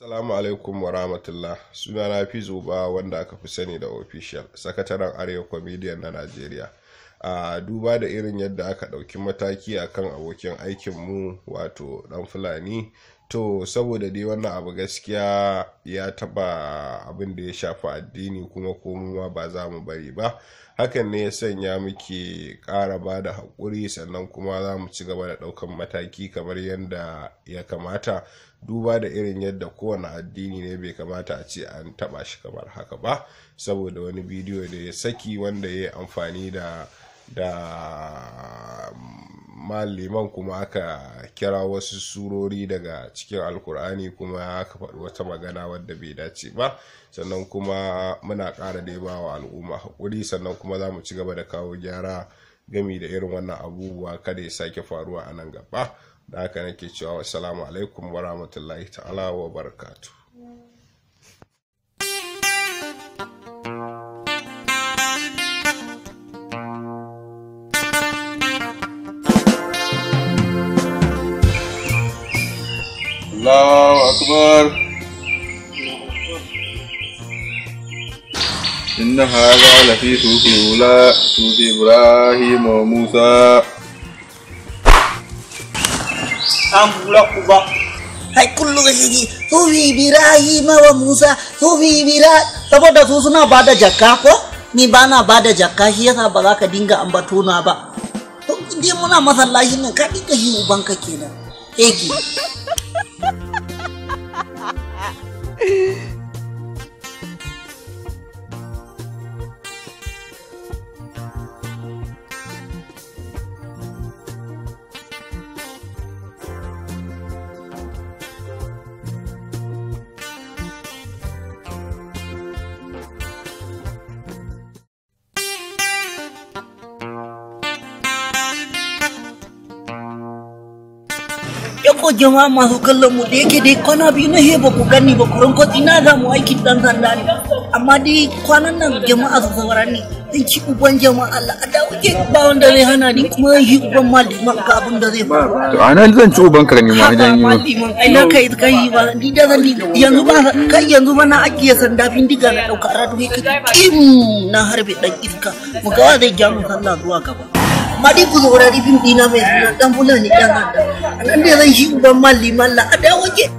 Assalamu alaikum wa rahmatullah suna na fi zuba wanda aka fi sani da official sakataren arewa comedian na Najeriya. A duba da irin yadda aka ɗauki mataki akan abokin aikinmu wato ɗan Fulani to saboda dai wannan abu gaskiya ya taba abin da ya shafi addini kuma komowa ba za mu bari ba hakan ne ya sanya muke ƙara ba da haƙuri sannan kuma za mu ci gaba da ɗaukan mataki kamar yadda ya kamata duba da irin yadda kowane addini ne bai kamata a ce an taba shi kamar haka ba saboda wani bidiyo da ya saki wanda ya yi amfani da da amma liman kuma aka kira wasu surori daga cikin alkur'ani kuma aka faɗi wata magana wadda bai dace ba sannan kuma muna ƙara da ba wa al'umma haƙuri sannan kuma za mu ci gaba da kawo gyara gami da irin wannan abubuwa kada ya sake faruwa a nan gaba da haka nake cewa wasu alaikum wa rahmatullahi ta'ala wa barakatu Allahu akbar inna hadha la fi sufi ula sufi ibrahim wa musa an bula Hai kullu ga shi sufi ibrahim wa musa sufi Ibra saboda su suna bada jakka ko ni ba na bada jakka shi yasa ba za ka dinga ambato na ba dai muna masallacin nan ka dinga shi ubanka kenan ege Yako jama'a masu kallon mu da yake dai kwana biyu na heba ku gani ba ku ranko ina za mu aiki dan sanda ne. Amma dai kwanan nan jama'a su saura ne. Zan ci uban jama'a Allah a da wuce ba wanda zai hana ni kuma yi uban maliman ga abin da zai faru. a nan zan ci uban ka ne ma idan yi. Maliman ai na kai yi ba ni da zan yanzu ba kai yanzu ba na ajiye sanda bindiga na ɗauka a ratu kai kim na harbe ɗan iska. Mu ga zai gyamu sallah zuwa gaba. Mari guru orang ribim dina me, nak tambulah ni jangan. Anak dia lagi hidup dalam lima lah. Ada wajib.